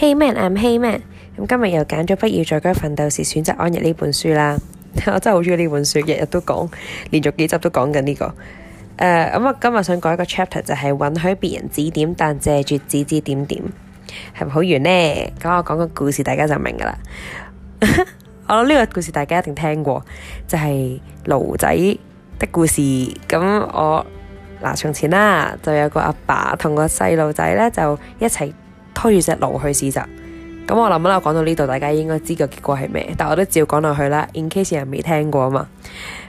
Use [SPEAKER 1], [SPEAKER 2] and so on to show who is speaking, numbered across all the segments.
[SPEAKER 1] Hey man，I'm hey man。咁今日又揀咗不要在咁奮鬥時選擇安逸呢本書啦。 我真係好中意呢本書，日日都講，連續幾集都講緊呢個。誒，咁我今日想講一個 chapter 就係、是、允許別人指點，但謝絕指指點點係咪好完呢？咁我講個故事，大家就明噶啦。 我諗呢個故事大家一定聽過，就係、是、驢仔的故事。咁我嗱從前啦，就有個阿爸同個細路仔咧，就一齊。拖住隻驢去市集，咁我諗啦，我講到呢度，大家應該知個結果係咩？但我都照講落去啦，in case 人未聽過啊嘛，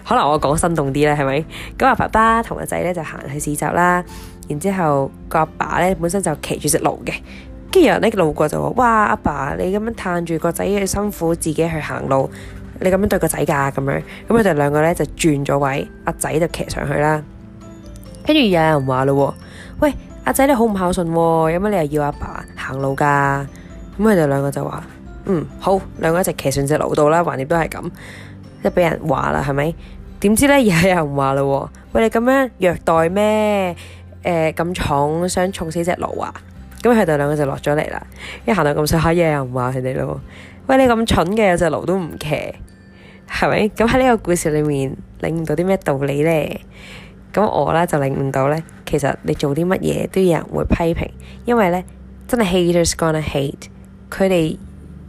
[SPEAKER 1] 可能我講生動啲啦，係咪？咁、嗯、阿爸爸同阿仔咧就行去市集啦，然之後個阿爸咧本身就騎住隻驢嘅，跟住有人咧路過就話：哇，阿爸，爸你咁樣嘆住個仔嘅辛苦，自己去行路，你咁樣對個仔㗎咁樣，咁佢哋兩個咧就轉咗位，阿仔就騎上去啦，跟住 有人話咯，喂，阿仔你好唔孝順、哦，有乜理由要阿爸,爸行路噶？咁佢哋兩個就話：嗯好，兩個一直騎上隻驢度啦，橫掂都係咁，即係俾人話啦，係咪？點知咧又有人話啦？喂，你咁樣虐待咩？誒、呃，咁重想重死隻驢啊！咁佢哋兩個就落咗嚟啦，一行到咁上下嘢又唔話佢哋咯。喂，你咁蠢嘅，有隻驢都唔騎，係咪？咁喺呢個故事裏面領悟到啲咩道理咧？咁我咧就領悟到咧。其實你做啲乜嘢都有人會批評，因為呢真係 haters gonna hate，佢哋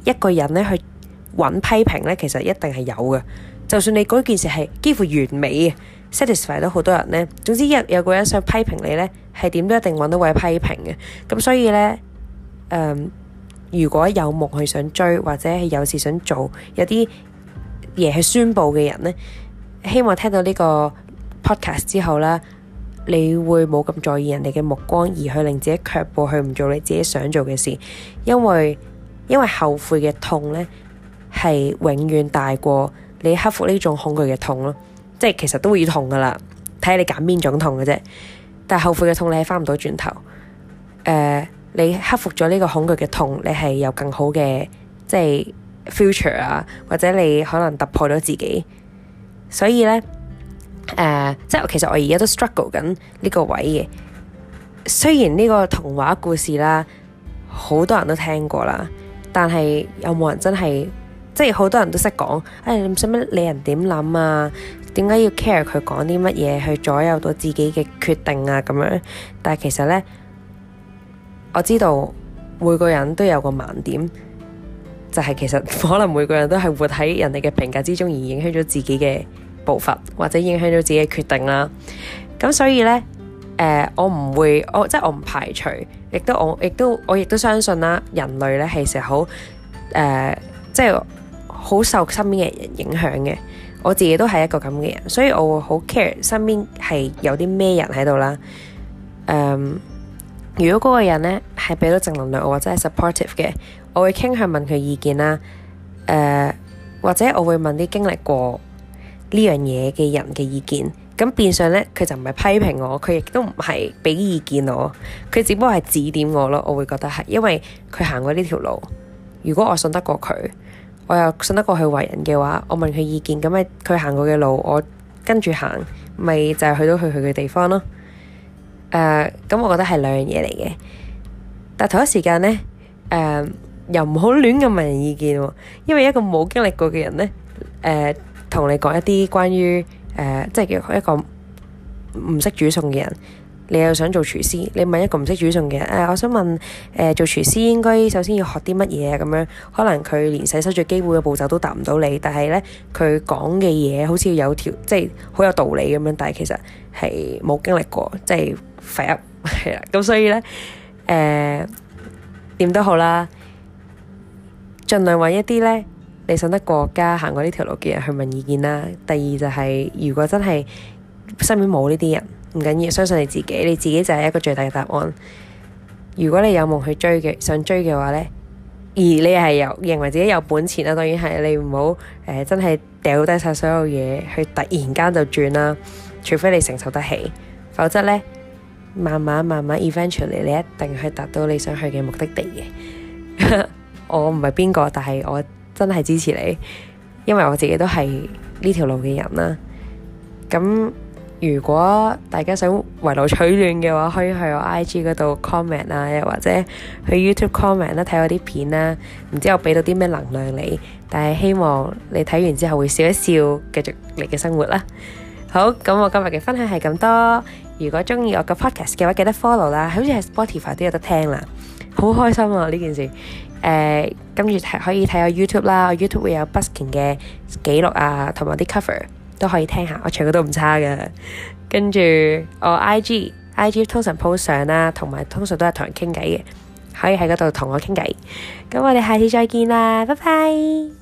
[SPEAKER 1] 一個人呢去揾批評呢，其實一定係有嘅。就算你嗰件事係幾乎完美 satisfy 咗好多人呢。總之有有個人想批評你呢，係點都一定揾到位批評嘅。咁所以呢，嗯，如果有夢去想追或者係有事想做，有啲嘢去宣布嘅人呢，希望聽到呢個 podcast 之後啦。你會冇咁在意人哋嘅目光，而去令自己卻步，去唔做你自己想做嘅事，因為因為後悔嘅痛咧，係永遠大過你克服呢種恐懼嘅痛咯。即係其實都會要痛噶啦，睇下你揀邊種痛嘅啫。但係後悔嘅痛你係翻唔到轉頭。誒、呃，你克服咗呢個恐懼嘅痛，你係有更好嘅即係 future 啊，或者你可能突破咗自己。所以咧。誒，uh, 即係其實我而家都 struggle 緊呢個位嘅。雖然呢個童話故事啦，好多人都聽過啦，但係有冇人真係，即係好多人都識講，誒、哎，你使乜理人點諗啊？點解要 care 佢講啲乜嘢去左右到自己嘅決定啊？咁樣，但係其實呢，我知道每個人都有個盲點，就係、是、其實可能每個人都係活喺人哋嘅評價之中，而影響咗自己嘅。步伐或者影響到自己嘅決定啦，咁所以呢，誒、呃，我唔會，我即係我唔排除，亦都我亦都我亦都相信啦，人類呢係成日好，誒，即係好受身邊嘅人影響嘅。我自己都係一個咁嘅人，所以我會好 care 身邊係有啲咩人喺度啦。嗯、呃，如果嗰個人呢係俾到正能量或者係 supportive 嘅，我會傾向問佢意見啦。誒、呃，或者我會問啲經歷過。呢樣嘢嘅人嘅意見，咁變相呢，佢就唔係批評我，佢亦都唔係俾意見我，佢只不過係指點我咯。我會覺得係，因為佢行過呢條路。如果我信得過佢，我又信得過佢為人嘅話，我問佢意見，咁咪佢行過嘅路，我跟住行，咪就去到佢去嘅地方咯。誒、呃，咁我覺得係兩樣嘢嚟嘅，但係同一時間呢，誒、呃，又唔好亂咁問人意見，因為一個冇經歷過嘅人呢。誒、呃。同你講一啲關於誒、呃，即係一個唔識煮餸嘅人，你又想做廚師，你問一個唔識煮餸嘅人，誒、哎，我想問，誒、呃，做廚師應該首先要學啲乜嘢啊？咁樣，可能佢連洗手最基本嘅步驟都答唔到你，但係咧，佢講嘅嘢好似有條，即係好有道理咁樣，但係其實係冇經歷過，即係廢噏係啦。咁 所以咧，誒、呃，點都好啦，盡量搵一啲咧。你想得國家行過呢條路嘅人去問意見啦。第二就係、是、如果真係身邊冇呢啲人唔緊要，相信你自己，你自己就係一個最大嘅答案。如果你有夢去追嘅，想追嘅話咧，而你又係有認為自己有本錢啦，當然係你唔好誒，真係掉低晒所有嘢去突然間就轉啦。除非你承受得起，否則咧慢慢慢慢 eventually 你一定去達到你想去嘅目的地嘅。 我唔係邊個，但係我。真係支持你，因為我自己都係呢條路嘅人啦。咁如果大家想圍爐取暖嘅話，可以去我 IG 嗰度 comment 啊，又或者去 YouTube comment 啦，啊，睇我啲片啦，啊，唔知我俾到啲咩能量你。但係希望你睇完之後會笑一笑，繼續你嘅生活啦。好，咁我今日嘅分享係咁多。如果中意我個 podcast 嘅話，記得 follow 啦，好似係 Spotify 都有得聽啦，好開心啊呢件事。誒，跟住、uh, 可以睇我 YouTube 啦，我 YouTube 會有 Busking 嘅記錄啊，同埋啲 cover 都可以聽下，我唱歌都唔差㗎。跟 住我 IG，IG IG，通常 po 相啦，同埋通常都係同人傾偈嘅，可以喺嗰度同我傾偈。咁我哋下次再見啦，拜拜。